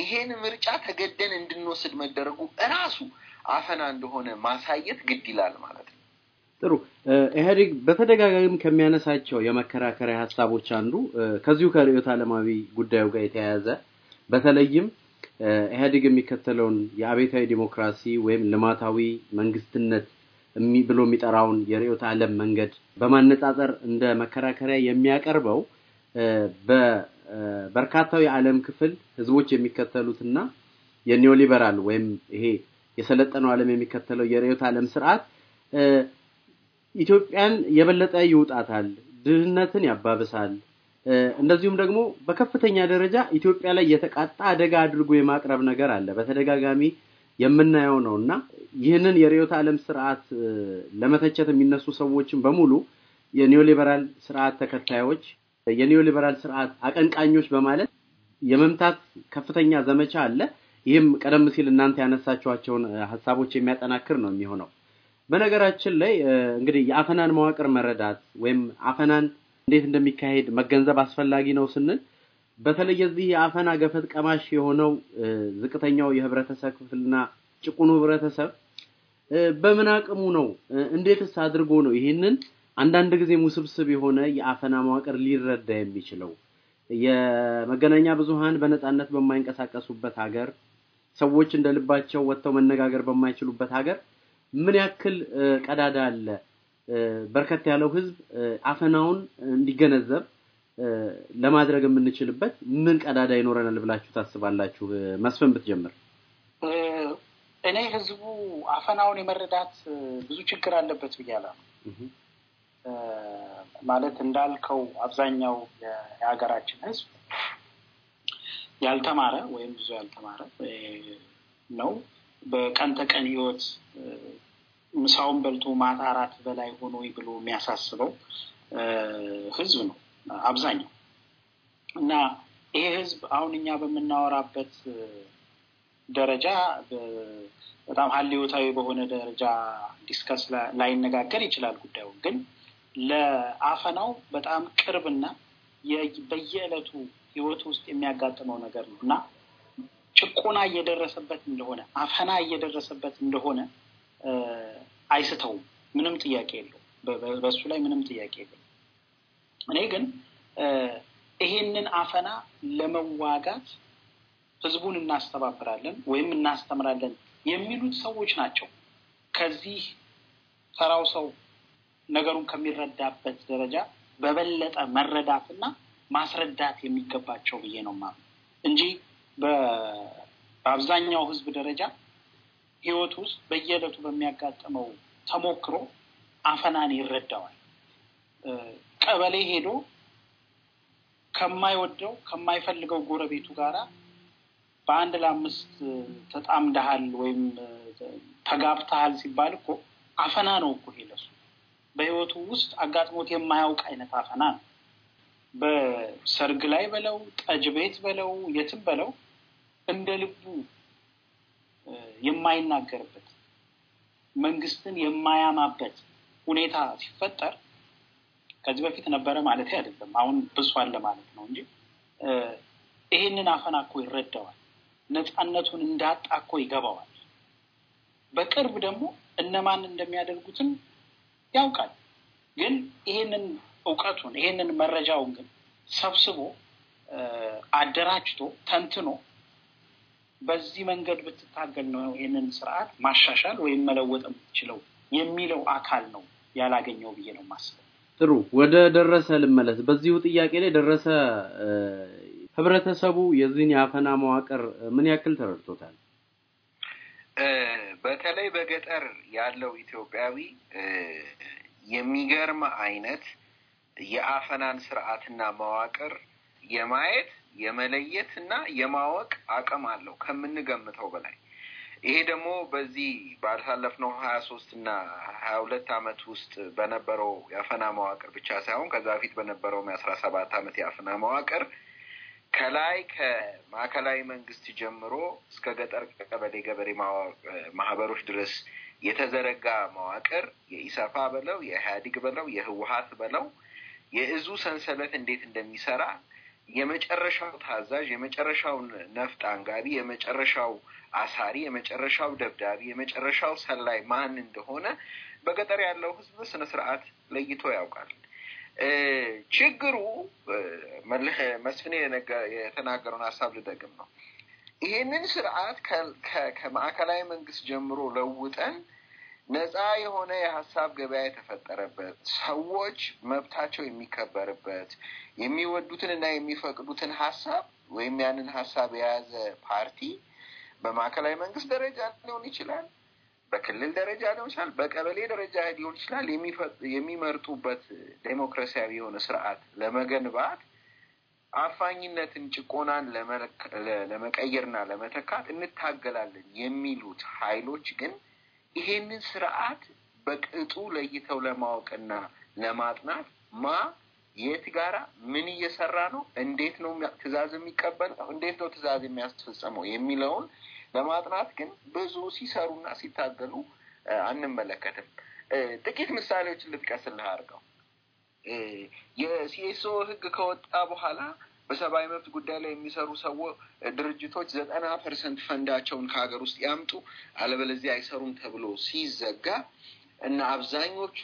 [SPEAKER 3] ይሄን ምርጫ ተገደን እንድንወስድ መደረጉ እራሱ አፈና እንደሆነ ማሳየት ግድ ይላል ማለት ነው።
[SPEAKER 1] ጥሩ ኢህአዴግ በተደጋጋሚ ከሚያነሳቸው የመከራከሪያ ሀሳቦች አንዱ ከዚሁ ከርዕዮተ ዓለማዊ ጉዳዩ ጋር የተያያዘ በተለይም ኢህአዴግ የሚከተለውን የአቤታዊ ዲሞክራሲ ወይም ልማታዊ መንግስትነት ብሎ የሚጠራውን የርዕዮተ ዓለም መንገድ በማነጻጸር እንደ መከራከሪያ የሚያቀርበው በበርካታው የዓለም ክፍል ህዝቦች የሚከተሉትና የኒዮሊበራል ወይም ይሄ የሰለጠነው ዓለም የሚከተለው የርዕዮተ ዓለም ስርዓት ኢትዮጵያን የበለጠ ይውጣታል፣ ድህነትን ያባብሳል፣ እንደዚሁም ደግሞ በከፍተኛ ደረጃ ኢትዮጵያ ላይ የተቃጣ አደጋ አድርጎ የማቅረብ ነገር አለ። በተደጋጋሚ የምናየው ነው እና ይህንን የርዕዮተ ዓለም ስርዓት ለመተቸት የሚነሱ ሰዎችን በሙሉ የኒዮሊበራል ስርዓት ተከታዮች፣ የኒዮሊበራል ስርዓት አቀንቃኞች በማለት የመምታት ከፍተኛ ዘመቻ አለ። ይህም ቀደም ሲል እናንተ ያነሳችኋቸውን ሀሳቦች የሚያጠናክር ነው የሚሆነው። በነገራችን ላይ እንግዲህ የአፈናን መዋቅር መረዳት ወይም አፈናን እንዴት እንደሚካሄድ መገንዘብ አስፈላጊ ነው ስንል በተለይ የዚህ የአፈና ገፈት ቀማሽ የሆነው ዝቅተኛው የህብረተሰብ ክፍልና ጭቁኑ ህብረተሰብ በምን አቅሙ ነው? እንዴትስ አድርጎ ነው ይህንን አንዳንድ ጊዜ ውስብስብ የሆነ የአፈና መዋቅር ሊረዳ የሚችለው? የመገናኛ ብዙሃን በነፃነት በማይንቀሳቀሱበት ሀገር፣ ሰዎች እንደ ልባቸው ወጥተው መነጋገር በማይችሉበት ሀገር ምን ያክል ቀዳዳ አለ? በርከት ያለው ህዝብ አፈናውን እንዲገነዘብ ለማድረግ የምንችልበት ምን ቀዳዳ ይኖረናል ብላችሁ ታስባላችሁ? መስፍን ብትጀምር።
[SPEAKER 2] እኔ ህዝቡ አፈናውን የመረዳት ብዙ ችግር አለበት ብያለሁ። ማለት እንዳልከው አብዛኛው የሀገራችን ህዝብ ያልተማረ ወይም ብዙ ያልተማረ ነው። በቀን ተቀን ህይወት ምሳውን በልቶ ማታ አራት በላይ ሆኖ ብሎ የሚያሳስበው ህዝብ ነው አብዛኛው እና ይሄ ህዝብ አሁን እኛ በምናወራበት ደረጃ በጣም ሀሊዮታዊ በሆነ ደረጃ ዲስከስ ላይነጋገር ይችላል። ጉዳዩ ግን ለአፈናው በጣም ቅርብና በየዕለቱ ህይወት ውስጥ የሚያጋጥመው ነገር ነው እና ጭቆና እየደረሰበት እንደሆነ አፈና እየደረሰበት እንደሆነ አይስተውም። ምንም ጥያቄ የለው። በሱ ላይ ምንም ጥያቄ የለው። እኔ ግን ይሄንን አፈና ለመዋጋት ህዝቡን እናስተባብራለን ወይም እናስተምራለን የሚሉት ሰዎች ናቸው ከዚህ ተራው ሰው ነገሩን ከሚረዳበት ደረጃ በበለጠ መረዳትና ማስረዳት የሚገባቸው ብዬ ነው ማለት እንጂ በአብዛኛው ህዝብ ደረጃ ህይወት ውስጥ በየዕለቱ በሚያጋጥመው ተሞክሮ አፈናን ይረዳዋል። ቀበሌ ሄዶ ከማይወደው ከማይፈልገው ጎረቤቱ ጋራ በአንድ ለአምስት ተጣምደሃል ወይም ተጋብተሃል ሲባል እኮ አፈና ነው እኮ ሄለሱ በህይወቱ ውስጥ አጋጥሞት የማያውቅ አይነት አፈና ነው። በሰርግ ላይ በለው፣ ጠጅ ቤት በለው፣ የትም በለው እንደ ልቡ የማይናገርበት መንግስትን የማያማበት ሁኔታ ሲፈጠር ከዚህ በፊት ነበረ ማለት አይደለም፣ አሁን ብሷል ማለት ነው እንጂ ይህንን አፈና እኮ ይረዳዋል። ነፃነቱን እንዳጣ እኮ ይገባዋል። በቅርብ ደግሞ እነማን እንደሚያደርጉትን ያውቃል። ግን ይህንን እውቀቱን ይህንን መረጃውን ግን ሰብስቦ አደራጅቶ ተንትኖ በዚህ መንገድ ብትታገል ነው ይህንን ስርዓት ማሻሻል ወይም መለወጥ የምትችለው የሚለው አካል ነው ያላገኘው ብዬ ነው
[SPEAKER 1] የማስበው። ጥሩ፣ ወደ ደረሰ ልመለስ። በዚሁ ጥያቄ ላይ ደረሰ፣ ህብረተሰቡ የዚህን የአፈና መዋቅር ምን ያክል ተረድቶታል?
[SPEAKER 3] በተለይ በገጠር ያለው ኢትዮጵያዊ የሚገርም አይነት የአፈናን ስርዓትና መዋቅር የማየት የመለየት እና የማወቅ አቅም አለው ከምንገምተው በላይ። ይሄ ደግሞ በዚህ ባሳለፍነው ሀያ ሶስት እና ሀያ ሁለት አመት ውስጥ በነበረው የአፈና መዋቅር ብቻ ሳይሆን ከዛ በፊት በነበረውም የአስራ ሰባት አመት የአፈና መዋቅር ከላይ ከማዕከላዊ መንግስት ጀምሮ እስከ ገጠር ቀበሌ ገበሬ ማህበሮች ድረስ የተዘረጋ መዋቅር የኢሰፋ በለው የኢህአዲግ በለው የህወሀት በለው የእዙ ሰንሰለት እንዴት እንደሚሰራ የመጨረሻው ታዛዥ፣ የመጨረሻው ነፍጥ አንጋቢ፣ የመጨረሻው አሳሪ፣ የመጨረሻው ደብዳቢ፣ የመጨረሻው ሰላይ ማን እንደሆነ በገጠር ያለው ህዝብ ስነ ስርዓት ለይቶ ያውቃል። ችግሩ መስፍኔ የተናገረውን ሀሳብ ልደግም ነው። ይሄንን ስርዓት ከማዕከላዊ መንግስት ጀምሮ ለውጠን ነፃ የሆነ የሀሳብ ገበያ የተፈጠረበት ሰዎች መብታቸው የሚከበርበት የሚወዱትን እና የሚፈቅዱትን ሀሳብ ወይም ያንን ሀሳብ የያዘ ፓርቲ በማዕከላዊ መንግስት ደረጃ ሊሆን ይችላል፣ በክልል ደረጃ ሊሆን ይችላል፣ በቀበሌ ደረጃ ሊሆን ይችላል። የሚመርጡበት ዴሞክራሲያዊ የሆነ ስርዓት ለመገንባት አፋኝነትን፣ ጭቆናን ለመቀየርና ለመተካት እንታገላለን የሚሉት ሀይሎች ግን ይሄንን ስርዓት በቅጡ ለይተው ለማወቅና ለማጥናት ማ የት ጋራ ምን እየሰራ ነው፣ እንዴት ነው ትእዛዝ የሚቀበለው፣ እንዴት ነው ትእዛዝ የሚያስፈጽመው የሚለውን ለማጥናት ግን ብዙ ሲሰሩና ሲታገሉ አንመለከትም። ጥቂት ምሳሌዎችን ልጥቀስልህ አድርገው የሲኤስኦ ህግ ከወጣ በኋላ በሰብአዊ መብት ጉዳይ ላይ የሚሰሩ ሰዎ ድርጅቶች ዘጠና ፐርሰንት ፈንዳቸውን ከሀገር ውስጥ ያምጡ፣ አለበለዚያ አይሰሩም ተብሎ ሲዘጋ እና አብዛኞቹ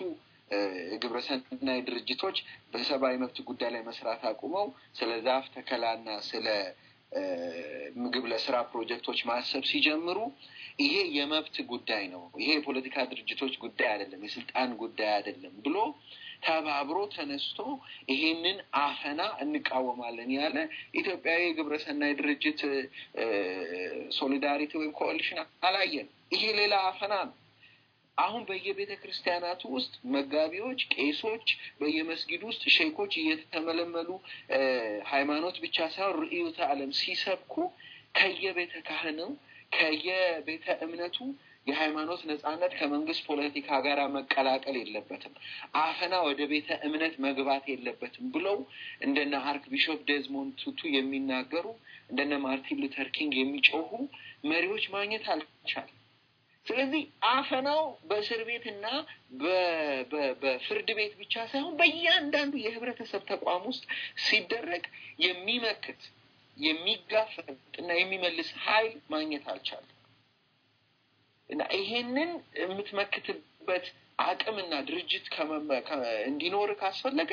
[SPEAKER 3] የግብረሰናይ ድርጅቶች በሰብአዊ መብት ጉዳይ ላይ መስራት አቁመው ስለ ዛፍ ተከላና ስለ ምግብ ለስራ ፕሮጀክቶች ማሰብ ሲጀምሩ ይሄ የመብት ጉዳይ ነው፣ ይሄ የፖለቲካ ድርጅቶች ጉዳይ አይደለም፣ የስልጣን ጉዳይ አይደለም ብሎ ተባብሮ ተነስቶ ይሄንን አፈና እንቃወማለን ያለ ኢትዮጵያዊ የግብረሰናይ ድርጅት ሶሊዳሪቲ ወይም ኮአሊሽን አላየን። ይሄ ሌላ አፈና ነው። አሁን በየቤተ ክርስቲያናቱ ውስጥ መጋቢዎች፣ ቄሶች በየመስጊድ ውስጥ ሼኮች እየተመለመሉ ሃይማኖት ብቻ ሳይሆን ርዕዮተ ዓለም ሲሰብኩ ከየቤተ ካህኑ ከየቤተ እምነቱ የሃይማኖት ነጻነት ከመንግስት ፖለቲካ ጋር መቀላቀል የለበትም፣ አፈና ወደ ቤተ እምነት መግባት የለበትም ብለው እንደነ አርክ ቢሾፕ ዴዝሞንድ ቱቱ የሚናገሩ እንደነ ማርቲን ሉተር ኪንግ የሚጮሁ መሪዎች ማግኘት አልቻለም። ስለዚህ አፈናው በእስር ቤትና በፍርድ ቤት ብቻ ሳይሆን በእያንዳንዱ የህብረተሰብ ተቋም ውስጥ ሲደረግ የሚመክት የሚጋፈጥ እና የሚመልስ ኃይል ማግኘት አልቻለም። እና ይሄንን የምትመክትበት አቅምና ድርጅት እንዲኖር ካስፈለገ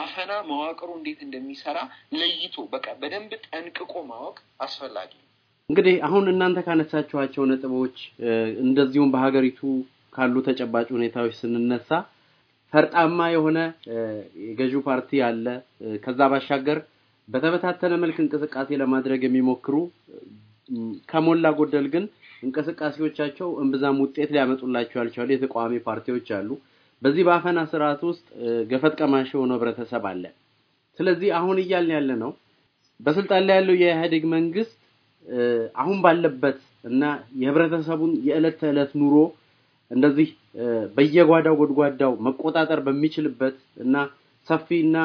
[SPEAKER 3] አፈና መዋቅሩ እንዴት እንደሚሰራ ለይቶ በቃ በደንብ ጠንቅቆ ማወቅ አስፈላጊ ነው።
[SPEAKER 1] እንግዲህ አሁን እናንተ ካነሳችኋቸው ነጥቦች እንደዚሁም በሀገሪቱ ካሉ ተጨባጭ ሁኔታዎች ስንነሳ ፈርጣማ የሆነ የገዢው ፓርቲ አለ። ከዛ ባሻገር በተበታተነ መልክ እንቅስቃሴ ለማድረግ የሚሞክሩ ከሞላ ጎደል ግን እንቅስቃሴዎቻቸው እምብዛም ውጤት ሊያመጡላቸው ያልቻሉ የተቃዋሚ ፓርቲዎች አሉ። በዚህ በአፈና ስርዓት ውስጥ ገፈት ቀማሽ የሆነ ህብረተሰብ አለ። ስለዚህ አሁን እያልን ያለ ነው በስልጣን ላይ ያለው የኢህአዴግ መንግስት አሁን ባለበት እና የህብረተሰቡን የዕለት ተዕለት ኑሮ እንደዚህ በየጓዳው ጎድጓዳው መቆጣጠር በሚችልበት እና ሰፊና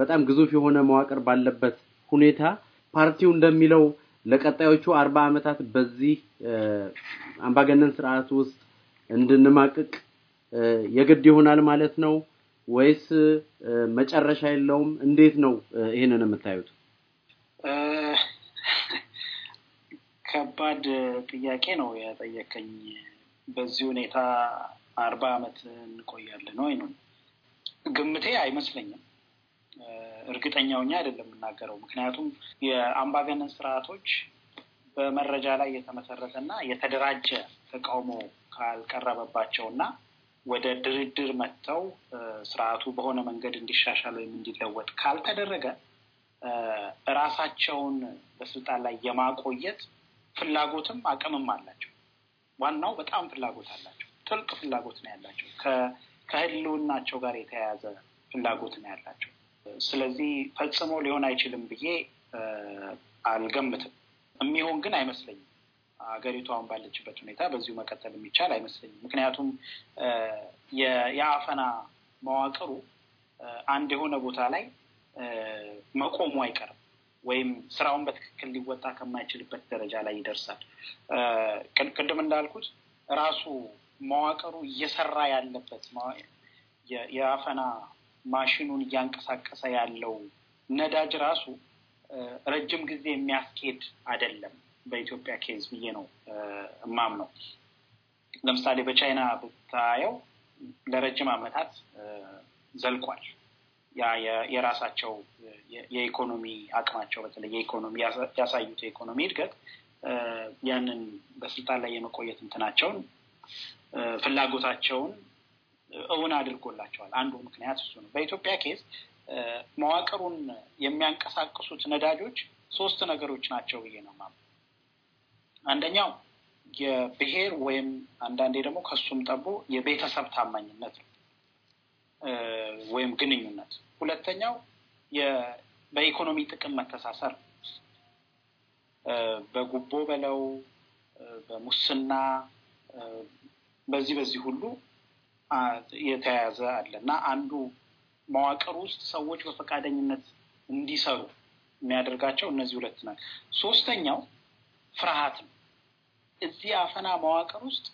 [SPEAKER 1] በጣም ግዙፍ የሆነ መዋቅር ባለበት ሁኔታ ፓርቲው እንደሚለው ለቀጣዮቹ አርባ ዓመታት በዚህ አምባገነን ስርዓት ውስጥ እንድንማቅቅ የግድ ይሆናል ማለት ነው ወይስ መጨረሻ የለውም? እንዴት ነው ይህንን የምታዩት?
[SPEAKER 2] ከባድ ጥያቄ ነው የጠየቀኝ። በዚህ ሁኔታ አርባ ዓመት እንቆያለን ወይ ነው ግምቴ አይመስለኝም። እርግጠኛውኛ አይደለም የምናገረው። ምክንያቱም የአምባገነን ስርዓቶች በመረጃ ላይ የተመሰረተ እና የተደራጀ ተቃውሞ ካልቀረበባቸው እና ወደ ድርድር መጥተው ስርዓቱ በሆነ መንገድ እንዲሻሻል ወይም እንዲለወጥ ካልተደረገ እራሳቸውን በስልጣን ላይ የማቆየት ፍላጎትም አቅምም አላቸው። ዋናው በጣም ፍላጎት አላቸው። ጥልቅ ፍላጎት ነው ያላቸው። ከህልውናቸው ጋር የተያያዘ ፍላጎት ነው ያላቸው። ስለዚህ ፈጽሞ ሊሆን አይችልም ብዬ አልገምትም። የሚሆን ግን አይመስለኝም። አገሪቱ አሁን ባለችበት ሁኔታ በዚሁ መቀጠል የሚቻል አይመስለኝም። ምክንያቱም የአፈና መዋቅሩ አንድ የሆነ ቦታ ላይ መቆሙ አይቀርም ወይም ስራውን በትክክል ሊወጣ ከማይችልበት ደረጃ ላይ ይደርሳል። ቅድም እንዳልኩት ራሱ መዋቅሩ እየሰራ ያለበት የአፈና ማሽኑን እያንቀሳቀሰ ያለው ነዳጅ ራሱ ረጅም ጊዜ የሚያስኬድ አይደለም። በኢትዮጵያ ኬዝ ብዬ ነው እማም ነው። ለምሳሌ በቻይና ብታየው ለረጅም ዓመታት ዘልቋል። ያ የራሳቸው የኢኮኖሚ አቅማቸው በተለይ የኢኮኖሚ ያሳዩት የኢኮኖሚ እድገት ያንን በስልጣን ላይ የመቆየት እንትናቸውን ፍላጎታቸውን እውን አድርጎላቸዋል። አንዱ ምክንያት እሱ ነው። በኢትዮጵያ ኬዝ መዋቅሩን የሚያንቀሳቅሱት ነዳጆች ሶስት ነገሮች ናቸው ብዬ ነው ማ አንደኛው የብሔር ወይም አንዳንዴ ደግሞ ከሱም ጠቦ የቤተሰብ ታማኝነት ነው ወይም ግንኙነት። ሁለተኛው በኢኮኖሚ ጥቅም መተሳሰር በጉቦ በለው በሙስና በዚህ በዚህ ሁሉ የተያያዘ አለ እና አንዱ መዋቅር ውስጥ ሰዎች በፈቃደኝነት እንዲሰሩ የሚያደርጋቸው እነዚህ ሁለት ናቸው። ሶስተኛው ፍርሃት ነው። እዚህ አፈና መዋቅር ውስጥ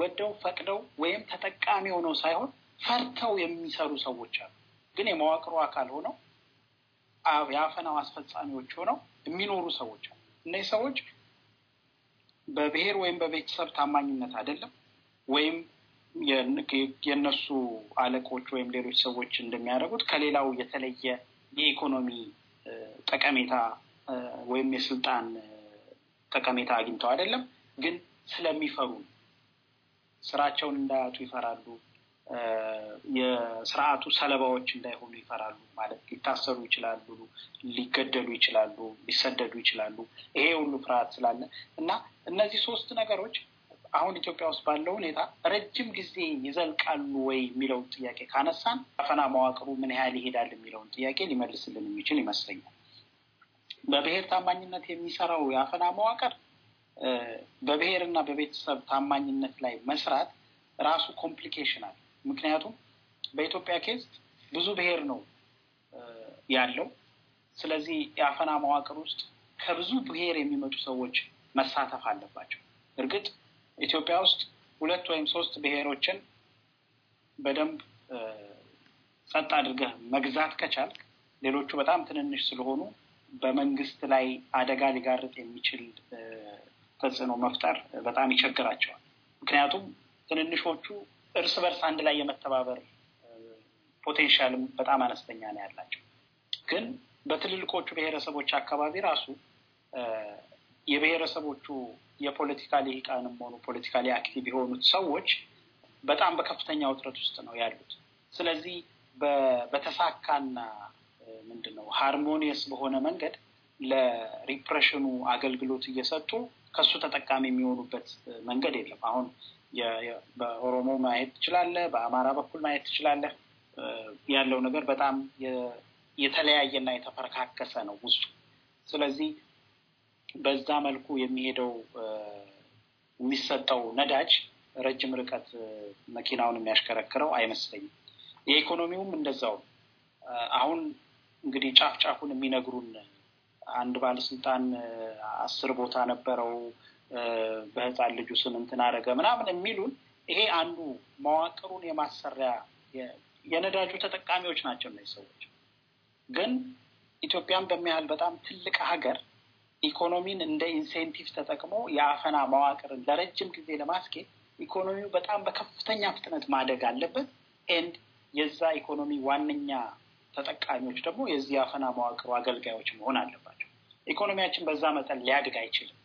[SPEAKER 2] ወደው ፈቅደው ወይም ተጠቃሚ ሆነው ሳይሆን ፈርተው የሚሰሩ ሰዎች አሉ። ግን የመዋቅሩ አካል ሆነው የአፈናው አስፈጻሚዎች ሆነው የሚኖሩ ሰዎች አሉ። እነዚህ ሰዎች በብሔር ወይም በቤተሰብ ታማኝነት አይደለም ወይም የእነሱ አለቆች ወይም ሌሎች ሰዎች እንደሚያደርጉት ከሌላው የተለየ የኢኮኖሚ ጠቀሜታ ወይም የስልጣን ጠቀሜታ አግኝተው አይደለም፣ ግን ስለሚፈሩ ስራቸውን እንዳያጡ ይፈራሉ። የስርዓቱ ሰለባዎች እንዳይሆኑ ይፈራሉ። ማለት ሊታሰሩ ይችላሉ፣ ሊገደሉ ይችላሉ፣ ሊሰደዱ ይችላሉ። ይሄ ሁሉ ፍርሃት ስላለ እና እነዚህ ሶስት ነገሮች አሁን ኢትዮጵያ ውስጥ ባለው ሁኔታ ረጅም ጊዜ ይዘልቃሉ ወይ የሚለውን ጥያቄ ካነሳን አፈና መዋቅሩ ምን ያህል ይሄዳል የሚለውን ጥያቄ ሊመልስልን የሚችል ይመስለኛል። በብሔር ታማኝነት የሚሰራው የአፈና መዋቅር በብሔርና በቤተሰብ ታማኝነት ላይ መስራት ራሱ ኮምፕሊኬሽን አለ። ምክንያቱም በኢትዮጵያ ኬዝ ብዙ ብሔር ነው ያለው። ስለዚህ የአፈና መዋቅር ውስጥ ከብዙ ብሔር የሚመጡ ሰዎች መሳተፍ አለባቸው። እርግጥ ኢትዮጵያ ውስጥ ሁለት ወይም ሶስት ብሔሮችን በደንብ ጸጥ አድርገህ መግዛት ከቻልክ ሌሎቹ በጣም ትንንሽ ስለሆኑ በመንግስት ላይ አደጋ ሊጋርጥ የሚችል ተጽዕኖ መፍጠር በጣም ይቸግራቸዋል። ምክንያቱም ትንንሾቹ እርስ በርስ አንድ ላይ የመተባበር ፖቴንሻልም በጣም አነስተኛ ነው ያላቸው። ግን በትልልቆቹ ብሔረሰቦች አካባቢ ራሱ የብሔረሰቦቹ የፖለቲካ ሊቃንም ሆኑ ፖለቲካሊ አክቲቭ የሆኑት ሰዎች በጣም በከፍተኛ ውጥረት ውስጥ ነው ያሉት። ስለዚህ በተሳካና ምንድን ነው ሃርሞኒየስ በሆነ መንገድ ለሪፕሬሽኑ አገልግሎት እየሰጡ ከሱ ተጠቃሚ የሚሆኑበት መንገድ የለም። አሁን በኦሮሞ ማየት ትችላለህ፣ በአማራ በኩል ማየት ትችላለህ። ያለው ነገር በጣም የተለያየና የተፈረካከሰ ነው ውስጡ። ስለዚህ በዛ መልኩ የሚሄደው የሚሰጠው ነዳጅ ረጅም ርቀት መኪናውን የሚያሽከረክረው አይመስለኝም። የኢኮኖሚውም እንደዛው። አሁን እንግዲህ ጫፍ ጫፉን የሚነግሩን አንድ ባለስልጣን አስር ቦታ ነበረው በህፃን ልጁ ስም እንትን አደረገ ምናምን የሚሉን ይሄ አንዱ መዋቅሩን የማሰሪያ የነዳጁ ተጠቃሚዎች ናቸው እነዚህ ሰዎች። ግን ኢትዮጵያን በሚያህል በጣም ትልቅ ሀገር ኢኮኖሚን እንደ ኢንሴንቲቭ ተጠቅሞ የአፈና መዋቅርን ለረጅም ጊዜ ለማስኬድ ኢኮኖሚው በጣም በከፍተኛ ፍጥነት ማደግ አለበት። ኤንድ የዛ ኢኮኖሚ ዋነኛ ተጠቃሚዎች ደግሞ የዚህ የአፈና መዋቅሩ አገልጋዮች መሆን አለባቸው። ኢኮኖሚያችን በዛ መጠን ሊያድግ አይችልም።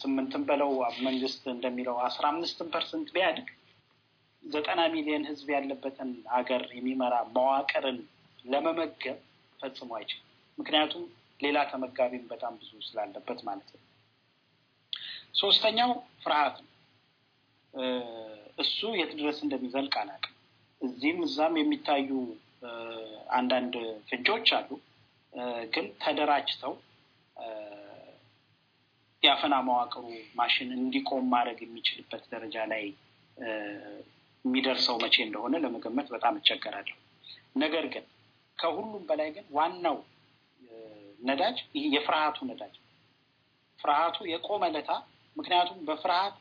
[SPEAKER 2] ስምንትም በለው መንግስት እንደሚለው አስራ አምስትም ፐርሰንት ቢያድግ ዘጠና ሚሊዮን ህዝብ ያለበትን ሀገር የሚመራ መዋቅርን ለመመገብ ፈጽሞ አይችልም። ምክንያቱም ሌላ ተመጋቢም በጣም ብዙ ስላለበት ማለት ነው። ሶስተኛው ፍርሃት ነው። እሱ የት ድረስ እንደሚዘልቅ አላውቅም። እዚህም እዛም የሚታዩ አንዳንድ ፍንጮች አሉ። ግን ተደራጅተው የአፈና መዋቅሩ ማሽን እንዲቆም ማድረግ የሚችልበት ደረጃ ላይ የሚደርሰው መቼ እንደሆነ ለመገመት በጣም እቸገራለሁ። ነገር ግን ከሁሉም በላይ ግን ዋናው ነዳጅ የፍርሃቱ ነዳጅ ፍርሃቱ የቆመ ለታ ምክንያቱም በፍርሃት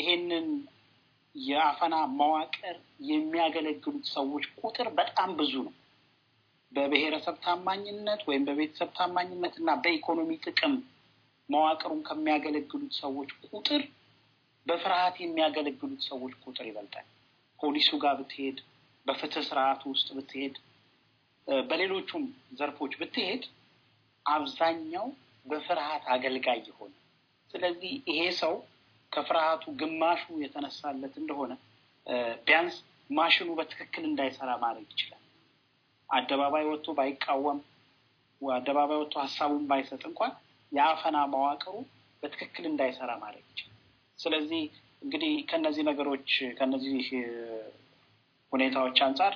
[SPEAKER 2] ይሄንን የአፈና መዋቅር የሚያገለግሉት ሰዎች ቁጥር በጣም ብዙ ነው። በብሔረሰብ ታማኝነት ወይም በቤተሰብ ታማኝነት እና በኢኮኖሚ ጥቅም መዋቅሩን ከሚያገለግሉት ሰዎች ቁጥር በፍርሃት የሚያገለግሉት ሰዎች ቁጥር ይበልጣል። ፖሊሱ ጋር ብትሄድ፣ በፍትህ ስርዓቱ ውስጥ ብትሄድ፣ በሌሎቹም ዘርፎች ብትሄድ አብዛኛው በፍርሃት አገልጋይ የሆነ ስለዚህ ይሄ ሰው ከፍርሃቱ ግማሹ የተነሳለት እንደሆነ ቢያንስ ማሽኑ በትክክል እንዳይሰራ ማድረግ ይችላል። አደባባይ ወጥቶ ባይቃወም፣ አደባባይ ወጥቶ ሀሳቡን ባይሰጥ እንኳን የአፈና መዋቅሩ በትክክል እንዳይሰራ ማድረግ ይችላል። ስለዚህ እንግዲህ ከነዚህ ነገሮች ከነዚህ ሁኔታዎች አንጻር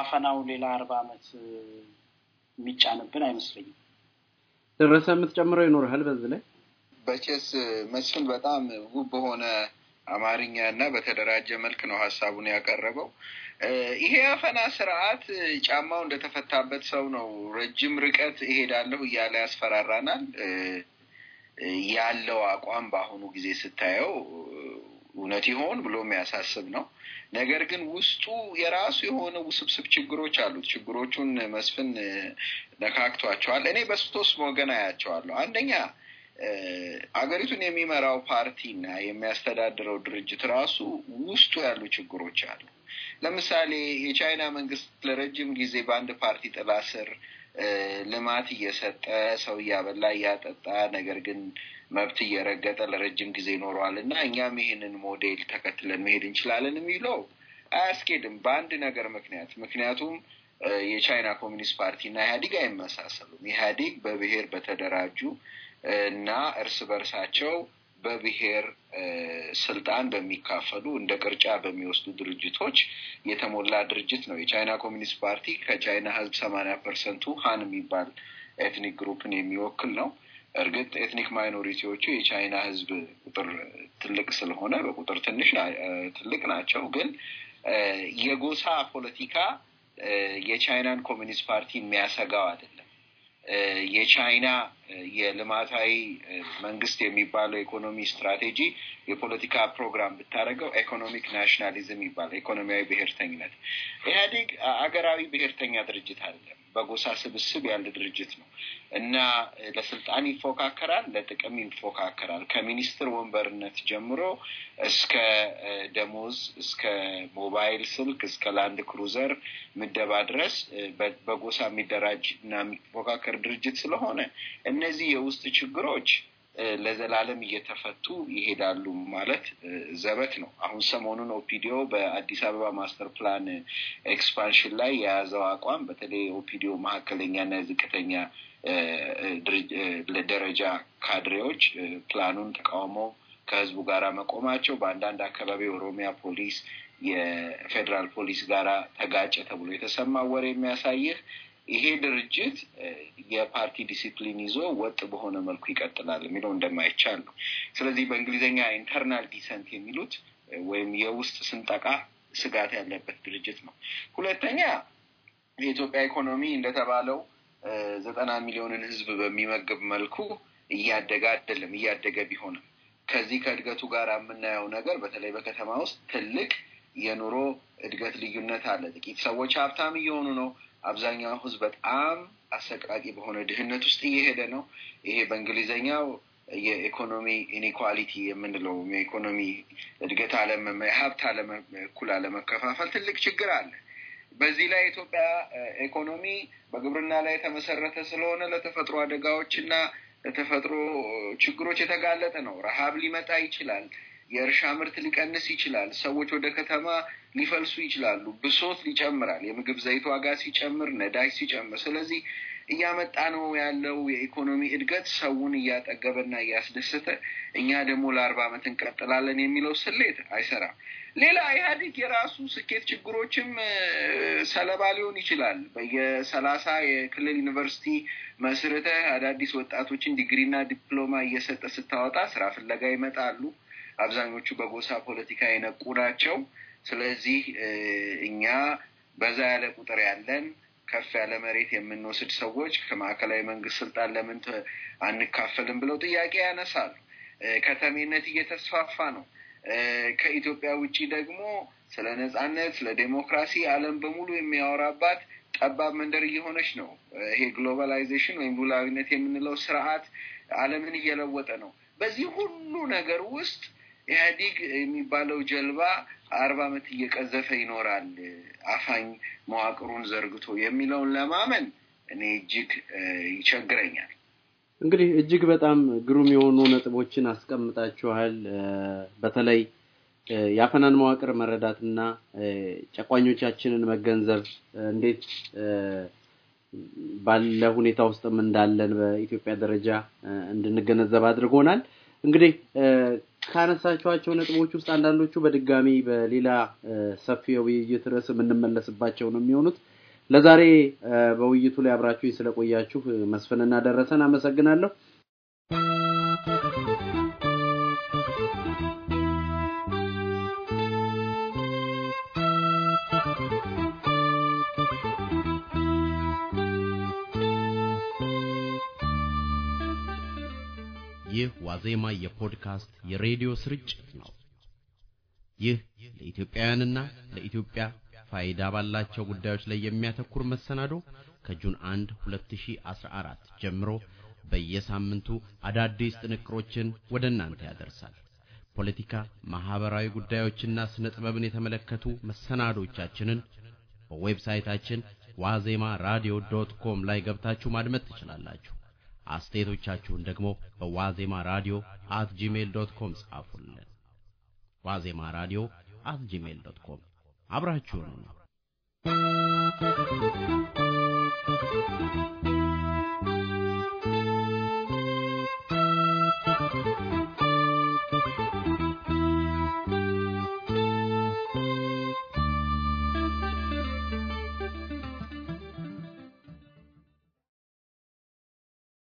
[SPEAKER 2] አፈናው ሌላ አርባ ዓመት የሚጫንብን አይመስለኝም።
[SPEAKER 1] ደረሰ የምትጨምረው ይኖርሃል በዚህ ላይ
[SPEAKER 2] በቼስ መስፍን በጣም
[SPEAKER 3] ውብ በሆነ አማርኛ እና በተደራጀ መልክ ነው ሀሳቡን ያቀረበው። ይሄ አፈና ስርዓት ጫማው እንደተፈታበት ሰው ነው ረጅም ርቀት እሄዳለሁ እያለ ያስፈራራናል። ያለው አቋም በአሁኑ ጊዜ ስታየው እውነት ይሆን ብሎ የሚያሳስብ ነው። ነገር ግን ውስጡ የራሱ የሆነ ውስብስብ ችግሮች አሉት። ችግሮቹን መስፍን ነካክቷቸዋል። እኔ በስቶስ ወገን አያቸዋለሁ። አንደኛ አገሪቱን የሚመራው ፓርቲና የሚያስተዳድረው ድርጅት ራሱ ውስጡ ያሉ ችግሮች አሉ። ለምሳሌ የቻይና መንግስት ለረጅም ጊዜ በአንድ ፓርቲ ጥላ ስር ልማት እየሰጠ ሰው እያበላ እያጠጣ ነገር ግን መብት እየረገጠ ለረጅም ጊዜ ይኖረዋል እና እኛም ይህንን ሞዴል ተከትለን መሄድ እንችላለን የሚለው አያስኬድም በአንድ ነገር ምክንያት ምክንያቱም የቻይና ኮሚኒስት ፓርቲ እና ኢህአዴግ አይመሳሰሉም። ኢህአዴግ በብሔር በተደራጁ እና እርስ በርሳቸው በብሔር ስልጣን በሚካፈሉ እንደ ቅርጫ በሚወስዱ ድርጅቶች የተሞላ ድርጅት ነው። የቻይና ኮሚኒስት ፓርቲ ከቻይና ህዝብ ሰማንያ ፐርሰንቱ ሀን የሚባል ኤትኒክ ግሩፕን የሚወክል ነው። እርግጥ ኤትኒክ ማይኖሪቲዎቹ የቻይና ህዝብ ቁጥር ትልቅ ስለሆነ በቁጥር ትንሽ ትልቅ ናቸው። ግን የጎሳ ፖለቲካ የቻይናን ኮሚኒስት ፓርቲ የሚያሰጋው አይደለም። የቻይና የልማታዊ መንግስት የሚባለው ኢኮኖሚ ስትራቴጂ የፖለቲካ ፕሮግራም ብታደርገው ኢኮኖሚክ ናሽናሊዝም ይባላል። ኢኮኖሚያዊ ብሔርተኝነት ኢህአዴግ አገራዊ ብሔርተኛ ድርጅት አይደለም። በጎሳ ስብስብ ያለ ድርጅት ነው እና ለስልጣን ይፎካከራል፣ ለጥቅም ይፎካከራል። ከሚኒስትር ወንበርነት ጀምሮ እስከ ደሞዝ፣ እስከ ሞባይል ስልክ፣ እስከ ላንድ ክሩዘር ምደባ ድረስ በጎሳ የሚደራጅ እና የሚፎካከር ድርጅት ስለሆነ እነዚህ የውስጥ ችግሮች ለዘላለም እየተፈቱ ይሄዳሉ ማለት ዘበት ነው። አሁን ሰሞኑን ኦፒዲዮ በአዲስ አበባ ማስተር ፕላን ኤክስፓንሽን ላይ የያዘው አቋም በተለይ ኦፒዲዮ መካከለኛና ዝቅተኛ ደረጃ ካድሬዎች ፕላኑን ተቃውመው ከህዝቡ ጋር መቆማቸው በአንዳንድ አካባቢ ኦሮሚያ ፖሊስ የፌዴራል ፖሊስ ጋራ ተጋጨ ተብሎ የተሰማ ወሬ የሚያሳይህ ይሄ ድርጅት የፓርቲ ዲሲፕሊን ይዞ ወጥ በሆነ መልኩ ይቀጥላል የሚለው እንደማይቻል ነው። ስለዚህ በእንግሊዝኛ ኢንተርናል ዲሰንት የሚሉት ወይም የውስጥ ስንጠቃ ስጋት ያለበት ድርጅት ነው። ሁለተኛ የኢትዮጵያ ኢኮኖሚ እንደተባለው ዘጠና ሚሊዮንን ህዝብ በሚመግብ መልኩ እያደገ አይደለም። እያደገ ቢሆንም ከዚህ ከእድገቱ ጋር የምናየው ነገር በተለይ በከተማ ውስጥ ትልቅ የኑሮ እድገት ልዩነት አለ። ጥቂት ሰዎች ሀብታም እየሆኑ ነው፣ አብዛኛው ህዝብ በጣም አሰቃቂ በሆነ ድህነት ውስጥ እየሄደ ነው። ይሄ በእንግሊዘኛው የኢኮኖሚ ኢኒኳሊቲ የምንለው የኢኮኖሚ እድገት አለመመ ሀብት እኩል አለመከፋፈል ትልቅ ችግር አለ። በዚህ ላይ የኢትዮጵያ ኢኮኖሚ በግብርና ላይ የተመሰረተ ስለሆነ ለተፈጥሮ አደጋዎች እና ለተፈጥሮ ችግሮች የተጋለጠ ነው። ረሃብ ሊመጣ ይችላል። የእርሻ ምርት ሊቀንስ ይችላል። ሰዎች ወደ ከተማ ሊፈልሱ ይችላሉ። ብሶት ይጨምራል። የምግብ ዘይት ዋጋ ሲጨምር፣ ነዳጅ ሲጨምር፣ ስለዚህ እያመጣ ነው ያለው የኢኮኖሚ እድገት ሰውን እያጠገበና እያስደሰተ እኛ ደግሞ ለአርባ ዓመት እንቀጥላለን የሚለው ስሌት አይሰራም። ሌላ ኢህአዴግ የራሱ ስኬት ችግሮችም ሰለባ ሊሆን ይችላል። በየሰላሳ የክልል ዩኒቨርሲቲ መስርተ አዳዲስ ወጣቶችን ዲግሪና ዲፕሎማ እየሰጠ ስታወጣ ስራ ፍለጋ ይመጣሉ። አብዛኞቹ በጎሳ ፖለቲካ የነቁ ናቸው። ስለዚህ እኛ በዛ ያለ ቁጥር ያለን ከፍ ያለ መሬት የምንወስድ ሰዎች ከማዕከላዊ መንግስት ስልጣን ለምን አንካፈልም ብለው ጥያቄ ያነሳሉ። ከተሜነት እየተስፋፋ ነው። ከኢትዮጵያ ውጭ ደግሞ ስለ ነጻነት፣ ስለ ዴሞክራሲ ዓለም በሙሉ የሚያወራባት ጠባብ መንደር እየሆነች ነው። ይሄ ግሎባላይዜሽን ወይም ሉላዊነት የምንለው ስርዓት ዓለምን እየለወጠ ነው። በዚህ ሁሉ ነገር ውስጥ ኢህአዲግ የሚባለው ጀልባ አርባ ዓመት እየቀዘፈ ይኖራል አፋኝ መዋቅሩን ዘርግቶ የሚለውን ለማመን እኔ እጅግ
[SPEAKER 4] ይቸግረኛል።
[SPEAKER 1] እንግዲህ እጅግ በጣም ግሩም የሆኑ ነጥቦችን አስቀምጣችኋል። በተለይ የአፈናን መዋቅር መረዳትና ጨቋኞቻችንን መገንዘብ እንዴት ባለ ሁኔታ ውስጥም እንዳለን በኢትዮጵያ ደረጃ እንድንገነዘብ አድርጎናል። እንግዲህ ካነሳችኋቸው ነጥቦች ውስጥ አንዳንዶቹ በድጋሚ በሌላ ሰፊ የውይይት ርዕስ የምንመለስባቸው ነው የሚሆኑት። ለዛሬ በውይይቱ ላይ አብራችሁ ስለቆያችሁ መስፍንና ደረሰን አመሰግናለሁ። ዋዜማ የፖድካስት የሬዲዮ ስርጭት ነው። ይህ ለኢትዮጵያውያንና ለኢትዮጵያ ፋይዳ ባላቸው ጉዳዮች ላይ የሚያተኩር መሰናዶ ከጁን 1 2014 ጀምሮ በየሳምንቱ አዳዲስ ጥንቅሮችን ወደ እናንተ ያደርሳል። ፖለቲካ፣ ማህበራዊ ጉዳዮችና ስነ ጥበብን የተመለከቱ መሰናዶቻችንን በዌብሳይታችን ዋዜማ ራዲዮ ዶት ኮም ላይ ገብታችሁ ማድመጥ ትችላላችሁ። አስተያየቶቻችሁን ደግሞ በዋዜማ ራዲዮ አት ጂሜል ዶት ኮም ጻፉልን። ዋዜማ ራዲዮ አት ጂሜይል ዶት ኮም አብራችሁን ነው። Thank
[SPEAKER 4] you.